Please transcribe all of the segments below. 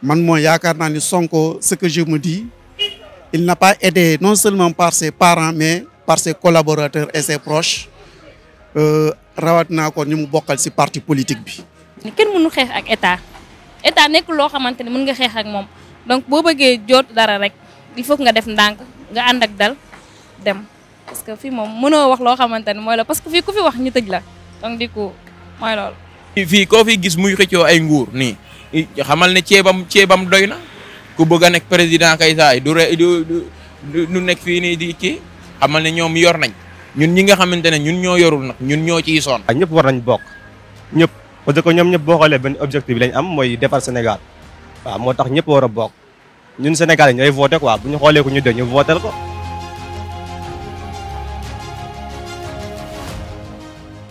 man mooy yaakaar ni Sonko ce que je me dis il n'a pas aidé non seulement par ses parents mais par ses collaborateurs et ses proches euh, rawat n'a ko ñu mu bokkal ci parti politique bi. kenn mënu xex ak état état nek lo xamante ni mën nga xex ak mom. donc bo bëggee jot dara rek il faut nga def ndank nga ànd ak dal dem parce que fi mom mënoo wax lo xamante moy la parce que fi ku fi wax ñu tëj la donc du moy lool. Fi ko fi gis muy xëccoo ay nguur ni. xamal ne ceebam ceebam doy na ku bëgg a nekk président kay saay du re du nekk fii nii di ci xamal ne ñoom yor nañ ñun ñi nga xamante ne ñun ñoo yorul nag ñun ñoo ciy sonn. ñëpp war nañ bokk ñëpp parce ko ñoom ñëpp boo xoolee benn objectif bi am mooy defar Sénégal waaw moo tax ñëpp war a bokk ñun Sénégal ñooy voté quoi bu ñu xoolee ku ñu dee ñu votel ko.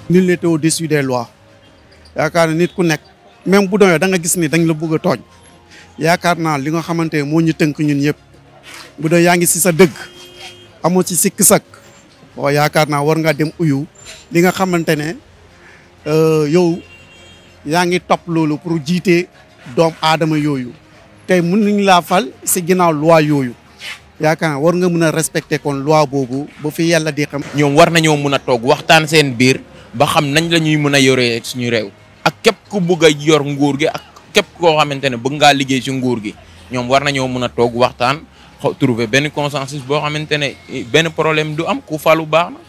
nul n'est au-dessus des lois yaakaar na nit ku nekk. même bu doyo da nga gis ni dañ la bëgg a yaakar na li nga xamanté mo ñu teunk ñun yëpp bu do yaangi ci sa dëgg amo ci sik sak bo yaakar na war nga dem uyu li nga né ne euh, yow yaangi top lolu pour jité dom adama yoyu tay mën nañ la fal ci ginaaw loi yoyu yaakar war nga mëna respecté kon loi bobu bu fi yalla di xam. ñom war nañu mëna a waxtaan seen bir ba xam nañ lañuy mëna yoré suñu a képp ku bëgg a yor nguur gi ak képp koo xamante ne bëgg ngaa liggéey ci nguur gi ñoom war nañoo mën a toog waxtaan xaw trouver benn consensus boo xamante ne eh, benn problème du am ku falu baax na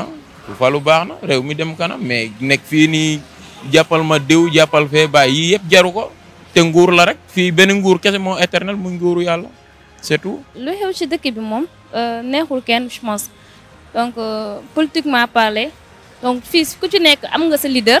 ah ku baax na réew mi dem kanam mais nekk fii nii jàppal ma diw jàppal fee yi yii yëpp jaru ko te nguur la rek fii benn nguur kese moo éternel muy nguuru yàlla c'est tout. lu xew ci dëkk bi moom euh, neexul kenn je pense donc euh, politiquement parler donc fii ku ci nekk am nga sa leader.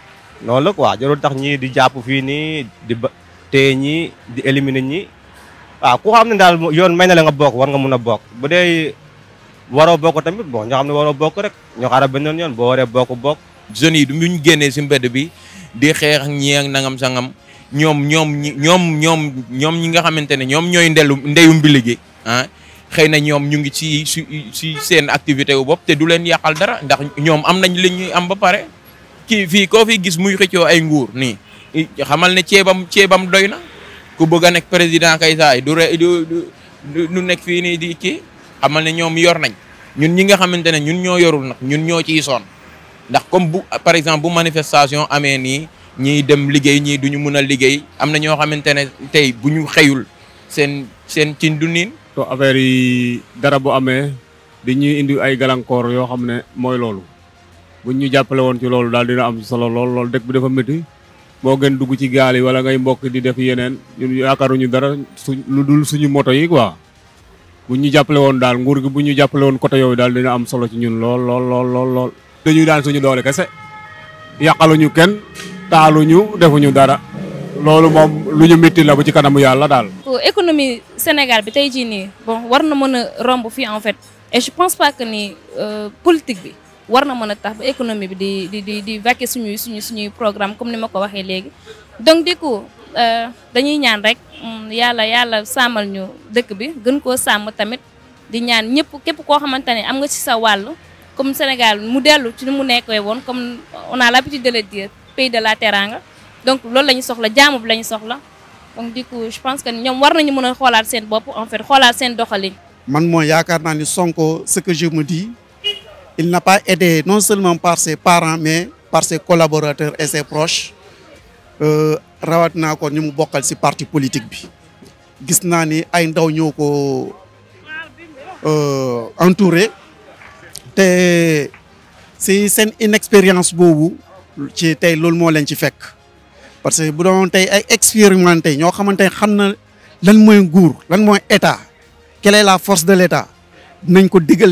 non la quoi jarul tax ñi di japp fi ni di té ñi di éliminer ñi wa ah, ku xamne dal yoon may na la nga bok war nga mëna bok bu dé waro bok tamit bo ñu xamne waro bok bokk rek ñoo xaaral beneen yoon bo waré bok bok jeune yi du ñu génnee si mbedd bi di xéx ak ñi ak nangam sangam ñom ñom ñom ñom ñom ñi nga xamantene ñom ñoy ndelu ndeyum mbili gi ah. xëy ñu ngi ci ci seen activité wu bopp du len yaqal dara ndax ñom am nañ li ñuy am ba pare kii fii koo fi gis muy xëccoo ay nguur nii xamal ne ceebam ceebam doy na ku bëgg a nekk président kay saay du nekk fii nii di kii xamal ne ñoom yor nañ ñun ñi nga xamante ne ñun ñoo yorul nag ñun ñoo ciy sonn ndax comme bu par exemple bu manifestation amee nii ñiy dem liggéey ñii duñu mën a liggéey am na ñoo xamante ne tey bu ñu xëyul seen seen cin du niin to affaire yi dara bu amee di ñuy indi ay gàllankoor yoo xam ne mooy loolu buñ ñu jappalé won ci loolu dal dina am solo lool lool dekk bi dafa metti mo gën dugg ci gaal yi wala ngay mbokk di def yeneen ñun ñu dara lu dul suñu moto yi quoi buñ ñu jappalé won dal nguur gi buñ ñu jappalé won côté yoy dal dina am solo ci ñun lool lool lool lool lool dañuy daan suñu doole kese ñu kenn defu ñu dara loolu mom lu ñu la bu ci kanamu yàlla daal économie sénégal bi tay ni bon war na mën a en fait et je pense pas que ni euh, politique bi warna na tax ba économie bi di di di di vaquer suñu suñu suñuy programme comme ni ma ko waxé légui donc du euh dañuy ñaan rek mm, yalla yalla samal ñu dëkk bi gën ko sam tamit di ñaan ñëpp képp ko xamantane am nga ci sa walu comme Sénégal mu déllu ci mu nekkee woon comme on a l'habitude de le dire pays de la teranga donc loolu lañu soxla jaamu bi lañu soxla donc du je pense que ñom war nañu mëna xolaat xoolaat seen bopp en fait xolaat seen doxali man mo yaakaar naa ni Sonko ce que je me dis il n'a pas aidé non seulement par ses parents mais par ses collaborateurs et ses proches euh, rawat n'a ko ñu mu bokkal ci parti politique bi gis naa ni euh, entouré C'est ci inexpérience qui ci tey que parce que bu doon expérimenté ñoo xamante ne qu'il na lan état quelle est la force de l'état dinañ ko digal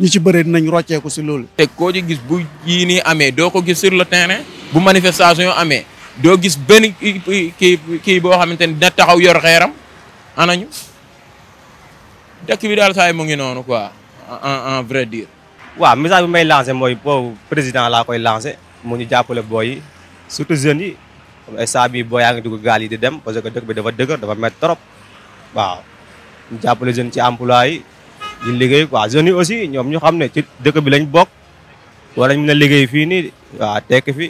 ñi ci bëree dinañ rocceeku si loolu. te koo ci gis bu yii nii amee doo ko gis sur le terrain bu manifestation amee doo gis benn kii kii boo xamante ni dina taxaw yor xeeram anañu dëkk bi daal saa yi mu ngi noonu quoi en en vrai dire. waaw message bi may lancé mooy boobu président laa koy lancé mu ñu jàppale booy yi surtout jeunes yi comme instant bii booy yaa ngi dugg gaal yi di dem parce que dëkk bi dafa dëgër dafa met trop waaw ñu jàppale jeunes ci emploi yi. ñu liggéey waa jeunes yi aussi ñoom ñu xam ne ci dëkk bi lañ bokk war nañ mën liggéey fii nii waa tekk fi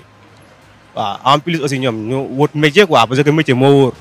waa en plus aussi ñoom ñu wut métier quoi parce que métier moo wóor